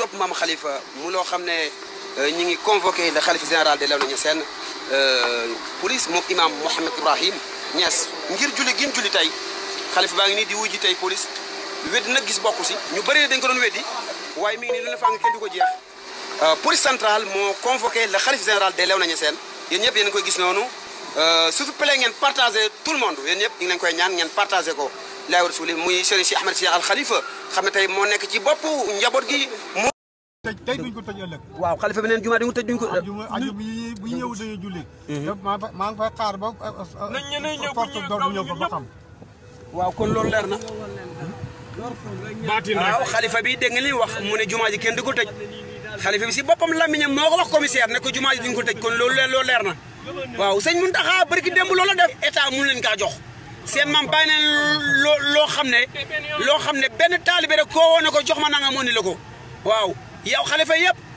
topp maam xalifa mu loo xam ne euh, ñi ngi convoqué le xalifa général de Léona Niassène euh, police moom imam Mouhamed Ibrahim Niass ngir julli gin julli tey xalifa baa ngi nii di wujji tey police weddi na gis bokku si ñu bëree dañ ko doon weddi waaye mi ngi nii lu la faa ngi kenn du ko jeex euh, police centrale moo convoqué le xalifa général de Léona Niassène yéen ñëpp yéen koy gis noonu s'il vous plaît ngeen partagé tout le monde yéen ñëpp ñu ngi koy ñaan ngeen partagé ko laahi wa rasuli muy Serigne si al Khalifa xam ne tey moo nekk ci bopp njaboot gi moo. tey duñ ko tëj ëllëg. waaw xalifa bi neen jumaa di mu tëj duñ ko. aju bu ñu julli. Mhm. maa ngi fay xaar ba. nañ ñu ne ñëw bu waaw kon loolu leer na. waaw xalifa bi dégg nga li wax mu ne jumaa ji kenn du ko tëj. xalifa bi si boppam lamiñam moo ko wax commissaire ne ko jumaa ji duñ ko tëj kon loolu leer loolu leer na. waaw sëñ Mountakha barki démb loola def état mun leen kaa jox. seen maam bàyyi neen loo xam ne loo xam ne benn taalibe rek ne ko jox ma nanga mu ni la ko waaw yow xalifa yëpp